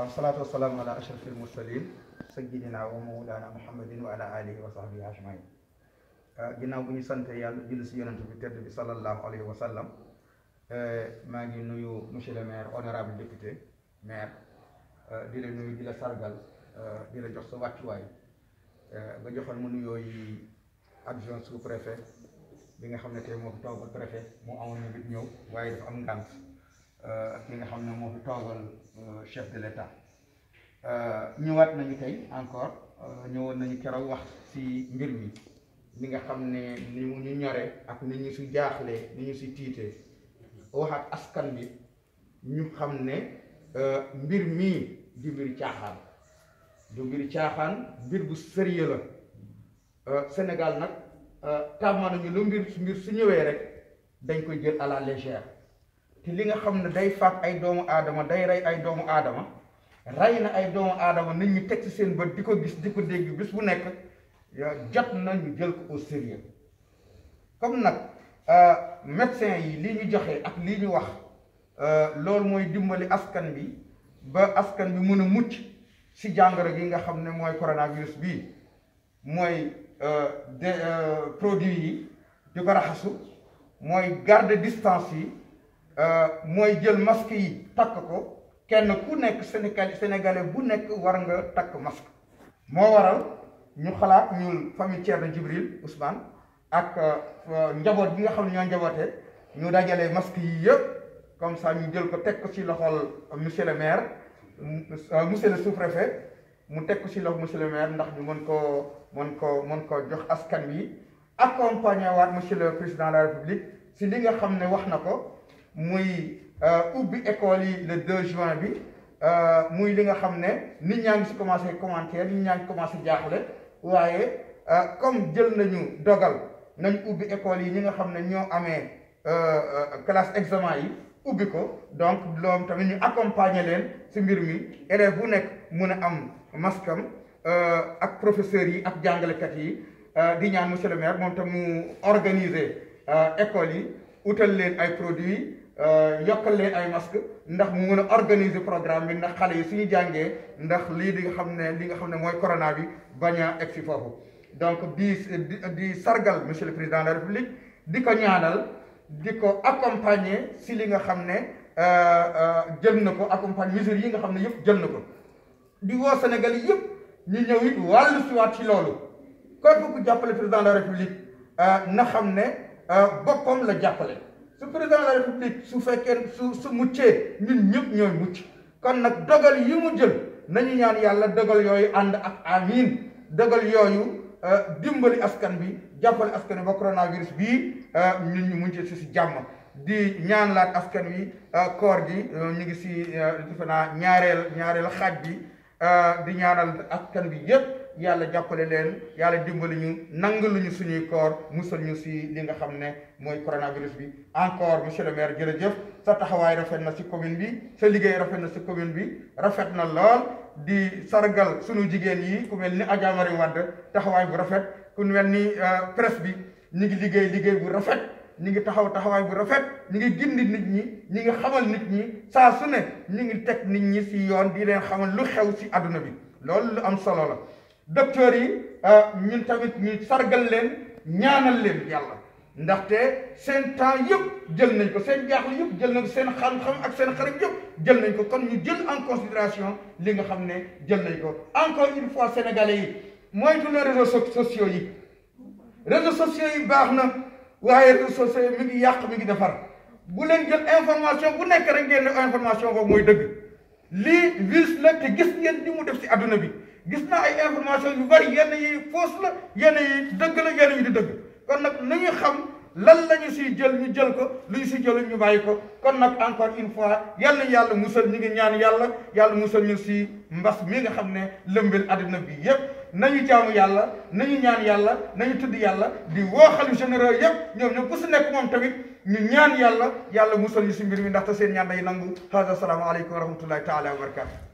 والصلاة نعم، والسلام على أشرف المرسلين سيدنا ومولانا محمد وعلى آله وصحبه أجمعين. جناو بني سانتا يالا جلس يونت في تد صلى الله عليه وسلم ما جي نويو مشي لمير اونورابل ديبوتي مير دي لي نويو ديلا سارغال ديلا جوخ سو واتواي با جوخال مو نويو يي ادجون سو بريفي بيغا خامني تي مو توغ بريفي مو امون نيت نيو واي دا ام غانت Euh, ak ki nga xam ne moo fi toogal euh, chef de l'état euh, ñëwaat nañu tey encore ñëwoon nañu keroog wax ci mbir mi li nga xam ne ni mu ñu ñore ak ni ñu si jaaxle ni ñu si tiite wax ak askan bi ñu xam ne mbir mii di mbir caaxaan du mbir caaxaan mbir bu sérieux Sénégal nag tàmmaa nañu lu mbir su ñëwee rek dañ koy jël à la te li nga xam ne day faat ay doomu aadama day rey ay doomu aadama rey na ay doomu aadama nit ñi teg ci seen bët di ko gis di ko dégg bis bu nekk jot na ñu jël ko au sérieux comme nag euh, médecin yi li ñu joxe ak li ñu wax euh, loolu mooy dimbali askan bi ba askan bi mën a mucc si jàngoro gi nga xam ne mooy coronavirus bii mooy euh, de produit yi di ko raxasu mooy garde distance yi Euh, mooy jël masque yi takk ko kenn ku nekk Sénégal sénégalais bu nekk war nga takk masque moo waral ñu xalaat ñu famille Thierno Djibril Ousmane ak euh, njaboot bi nga xam ne ñoo njabootee ñu dajalee masque yi yëpp comme ça ñu jël ko teg ko ci loxol monsieur le maire euh, monsieur le sous-préfet mu teg ko ci loxo monsieur le maire ndax ñu mën ko mën ko mën koo jox askan wi accompagner waat monsieur le prisident la république si li nga xam ne wax na ko. muy euh, ubbi école yi le 2 juin bi euh muy li nga xamné ne nit ñaa ci commencé commentaire nit ñaa ngi commencé wayé euh comme jël nañu dogal nañ ubbi école yi ñi nga xamné ño amé euh, euh classe examen yi ubbi ko donc loolu tamit ñu accompagner len ci mbir mi élève bu nekk mun a am maskam euh, ak professeur yi ak kat yi euh di ñaan monsieur le maire mom tam mu organiser école yi outal len ay produits Euh, yokkal leen ay masque ndax mu mën a organiser programme bi ndax xale yi suñu jàngee ndax lii di nga xam ne li nga xam ne mooy corona bi bañ a egg si foofu donc di di sargal monsieur le président de la république di ko ñaanal di ko accompagner si li nga xam ne euh, euh, jël na ko accompagne mesures yi nga xam ne yëpp jël na ko di woo Sénégal yi ñu ñëw it wàllu siwaat ci loolu képp ku jàppale président de la république na xam ne boppam la jàppale su président la république su fekkee su su muccee ñun ñëpp ñooy mucc kon nag dogal yi mu jël nañu ñaan yàlla dogal yooyu ànd ak amiin dogal yooyu euh, dimbali askan bi jàppale askan bi ba coronavirus bii euh, ñun ñu mucc si si jàmm di ñaan laat askan wi euh, koor gi ñu ngi si defe ñaareel ñaareel xaaj bi di ñaanal askan bi yëpp. yàlla jàppale leen yàlla dimbali ñu nang nangaluñu suñuy koor musal ñu si li nga xam ne mooy coronavirus bi encore monsieur le maire jërëjëf sa taxawaay rafet na si commune bi sa liggéey rafet na si commune bi rafet na lool di sargal suñu jigéen yi ku mel ni Adja Marie Wade taxawaay bu rafet ku mel ni euh, presse bi ñu ngi liggéey liggéey bu rafet ñu ngi taxaw taxawaay bu rafet ñu ngi gindi nit ñi ñu ngi xamal nit ñi saa su ne ñu ngi teg nit ñi si yoon di leen xamal lu xew si àdduna bi loolu lu am solo la docteur yi ah, ñun tamit ñu sargal leen ñaanal leen yàlla ndaxte seen temps yëpp jël nañ ko seen jaaxle yëpp jël nañ seen xam ak seen xarit yëpp jël nañ ko kon ñu jël en considération li nga xam ne jël nañ ko encore une fois sénégalais yi mooy na réseaux sociaux yi réseaux sociaux yi baax na waaye réseaux sociaux mi ngi yàq mi ngi defar bu leen jël information bu nekk rek ngeen ne information boobu mooy dëgg lii virus la te gis ngeen ni mu def ci adduna bi gis naa ay information yu bari yenn yi fausse la yenn yi dëgg la yenn yi di dëgg kon nag na ñu xam lan la ñu siy jël ñu jël ko lu ñu si jël ñu bàyyi ko kon nag encore une fois yal na yàlla musal ñu ngi ñaan yàlla yàlla musal ñu si mbas mi nga xam ne lëmbel àddina bi yépp nañu jaamu yàlla nañu ñaan yàlla nañu tudd yàlla di woo xalif généraux yépp ñoom ñoom ku si nekk moom tamit ñu ñaan yàlla yàlla musal ñu si mbir mi ndaxte seen ñaan day nangu hasa asalaamaaleykum wa rahmatullahi taala wa barakatu